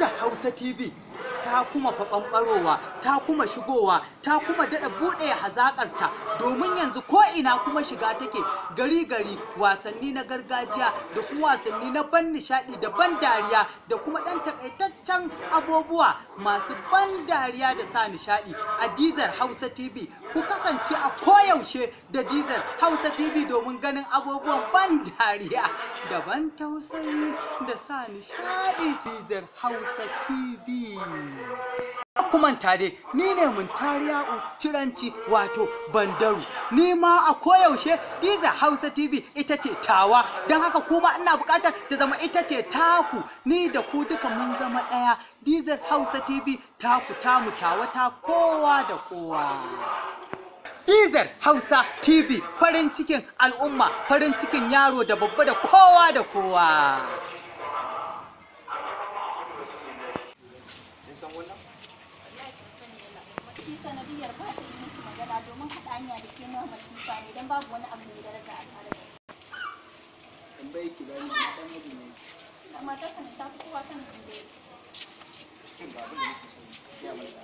a house TV ta kuma faɓanɓarowa ta kuma shigowa ta kuma daɗa buɗe hazaƙarta domin yanzu ko ina kuma shiga take gari gari wasanni na gargajiya da kuma wasanni na ban nishaɗi da ban dariya da kuma ɗan taƙaitaccen abubuwa masu ban dariya da sa nishaɗi a dizar hausa tv ku kasance a koyaushe da dizar hausa tv domin ganin abubuwan ban dariya da ban tausayi da sa nishaɗi dizar hausa tv manta dai ni ne mun tariya'u ciranci wato bandaru ni ma a koyaushe diza hausa tv ita ce tawa don haka kuma ina bukatar ta zama ita ce taku ni da ku duka mun zama ɗaya Dizer hausa tv taku tamu tawa ta kowa da kowa Dizar Hausa TV farin cikin al'umma farin cikin yaro da babba da kowa da kowa. san wannan Ki sanadiyar ba ta yi musu magana domin haɗa hanya da ke nan masifa ne don babu wani abu mai daraja a tare da Tambayi ki ba ni san ne. Na ta kowa kan da Kin abin da yake so ya mai da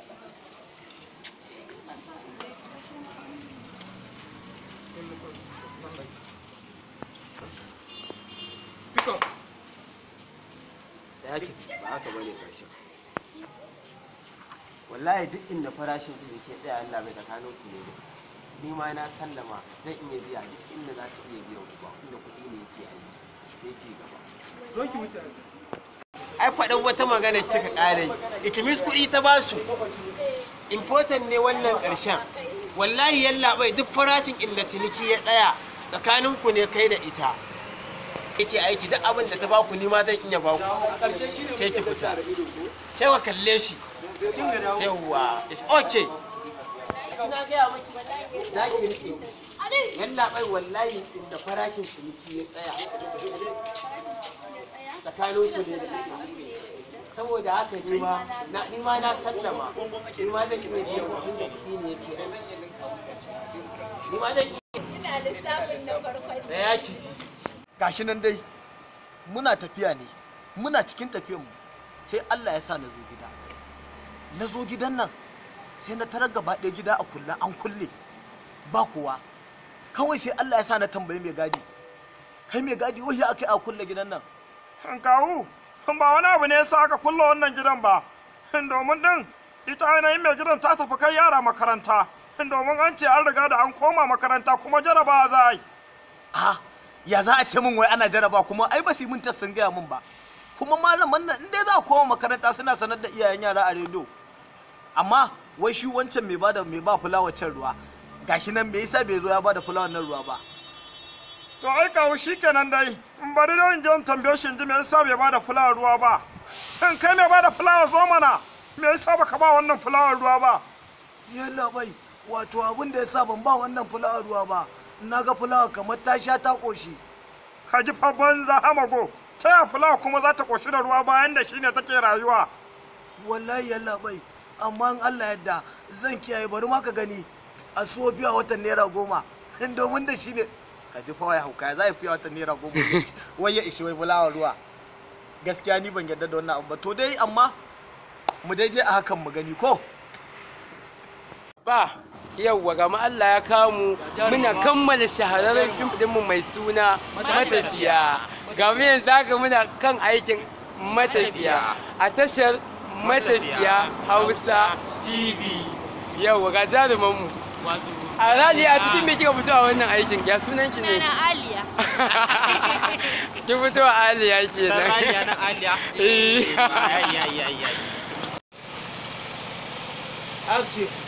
Pick up. wallahi duk inda farashin ciniki ɗaya Allah bai tsakanin ku ne ni ma na sallama zan iya biya duk inda za ta iya biya ku ba inda kuɗi ne yake aiki sai ki gaba ki wuce ai faɗin wata magana kika ƙara yi itimis kuɗi ta basu important ne wannan ƙarshen wallahi yalla bai duk farashin inda ciniki ya tsaya tsakanin ku ne kai da ita yake aiki duk abin da ta baku ni ma zan iya baku sai ki fita sai ka kalle shi yawwa it's okay kina gaya miki da ki rike yalla bai wallahi inda farashin ciniki ya tsaya tsakanin ku ne da saboda haka ni ma na ni ma na sallama ni ma zan iya biya kuɗin da kuɗi ne yake ni ma zan iya ina lissafin na farko da ya ki gashi nan dai muna tafiya ne muna cikin tafiyar mu sai Allah ya sa na zo gida na zo gidan nan sai na tarar gaba ɗaya gida a kulle an kulle ba kowa kawai sai Allah ya sa na tambayi mai gadi kai mai gadi wahi aka yi a kulle gidan nan an kawo ba wani abu ne ya sa aka kulle wannan gidan ba domin din ita ainihin mai gidan ta tafi kai yara makaranta domin an ce an riga da an koma makaranta kuma jarabawa za a yi ya za a ce min wai ana jaraba kuma ai ba shi mun ta sun gaya min ba kuma malaman nan in za a koma makaranta suna sanar da iyayen yara a rediyo amma wai shi wancan mai ba da mai ba fulawa can ruwa gashi nan bai sa bai zo ya ba da fulawa nan ruwa ba to ai kawo shi kenan dai in bari da in je in tambaye shi in ji me yasa bai ba da fulawa ruwa ba in kai mai ba da fulawa zo mana me yasa baka ba wannan fulawar ruwa ba yalla bai wato abin da yasa ban ba wannan fulawar ruwa ba na ga fulawa kamar ta sha ta ƙoshi ka ji fa banza hamago ta ya fulawa kuma za ta ƙoshi da ruwa bayan da shine take rayuwa wallahi yalla bai amma in Allah yadda zan kiyaye bari ma ka gani a so biya watan naira goma in domin da shine ka ji fa wai hauka za ya fiya watan naira goma wai ya ishi wai fulawa ruwa gaskiya ni ban yarda da wannan abu ba to dai amma mu dai je a hakan mu gani ko ba yawwa gama Allah ya kamu muna kammala shahararren fim mai suna matafiya game yanzu haka muna kan aikin matafiya a tashar matafiya hausa tv yawwa ga jarumanmu A Aliya a cikin kika fito a wannan aikin ya sunan ki ne? na Aliya. Ki fito a Aliya na Aliya. Eh.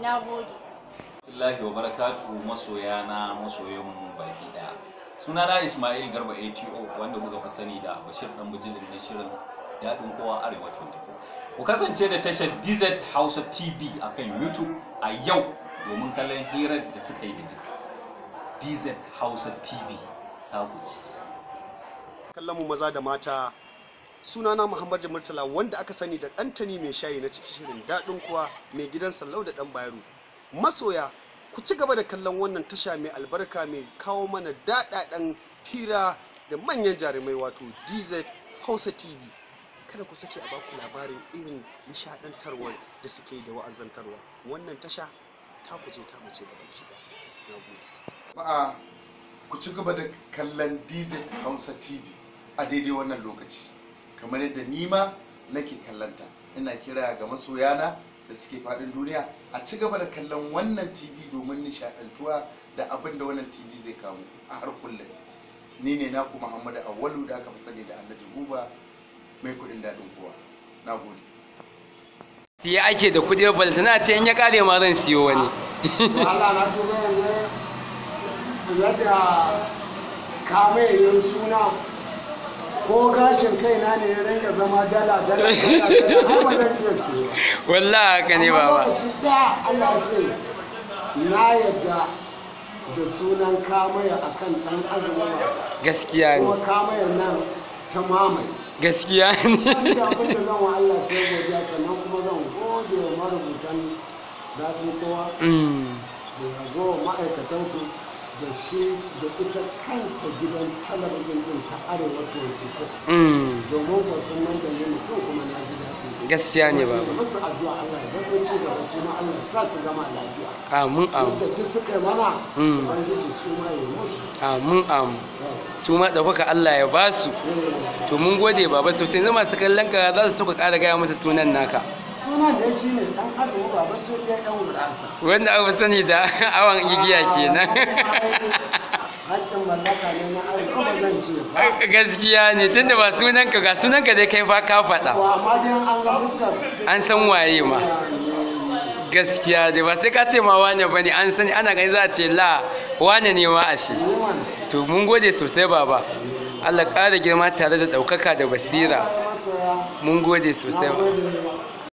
na gode Allahi wa barakatu masoya na masoyan mu baki daya sunana Ismail Garba ATO wanda muka fi sani da Bashir dan bujilin na shirin daɗin kowa arewa 24 ku kasance da tashar DZ Hausa TV akan YouTube a yau domin kallon hirar da suka yi da DZ Hausa TV ta guji kallon mu maza da mata sunana Muhammadu murtala wanda aka sani da ɗantani mai shayi na ciki shirin daɗin kuwa mai gidan sallau da ɗan bayaru, masoya ku ci gaba da kallon wannan tasha mai albarka mai kawo mana daɗaɗen hira da manyan jarumai wato dz hausa tv kada ku sake a baku labarin irin nishaɗantarwar da suke da wa'azantarwa wannan tasha ta kuje ta mace da baki na gode ba'a ku ci gaba da kallon dz hausa tv a daidai wannan lokaci kamar yadda nima nake kallanta ina kira ga masoyana da suke faɗin duniya a ci gaba da kallon wannan tv domin nishaɗantuwa da abin da wannan tv zai kamu a har kullum ni ne naku muhammadu awalu da aka fi sani da allah buba mai kuɗin daɗin kowa na gode siya ake da kuɗi na ce in ya ƙare ma zan siyo wani Allah na tuba yanzu yadda kame yin suna ko gashin kaina ne ya rinka zama dala dala har ba zan iya siya ba wallahi haka ne baba lokaci da Allah ce na yadda da sunan kamaya akan dan azumi ba gaskiya ne kuma kamaya nan ta mamaye gaskiya ne wanda abin da zan wa Allah sai godiya sannan kuma zan gode wa marubutan daɗin kowa mm. da ragowa ma'aikatansu da shi da ita kanta gidan talabijin din ta arewa 24 mm. domin wasu nan da ne mutum kuma na ji daɗi gaskiya ne ba ba masu addu'a Allah ya dago ci gaba su ma Allah sa su gama lafiya amin amin da duk suka yi mana mm. ubangiji su ma ya musu amin amin eh. su ma da kuka Allah ya ba su eh. to mun gode baba sosai yanzu masu kallon ka za su suka ƙara gaya masa sunan naka sunan da shi ne dan arziki baba ce ya yan wurasa wanda abu sani da awan igiya kenan ah, haƙƙin mallaka ne na arewa zan ce ba gaskiya ne tunda ba sunan ka ga sunan ka dai kai fa ka faɗa amma dai an ga fuskar an san waye ma gaskiya dai ba sai ka ce ma wane ba ne an sani ana gani za a ce la wane ne ma a shi to mun gode sosai baba Allah ƙara girma tare da ɗaukaka da basira mun gode sosai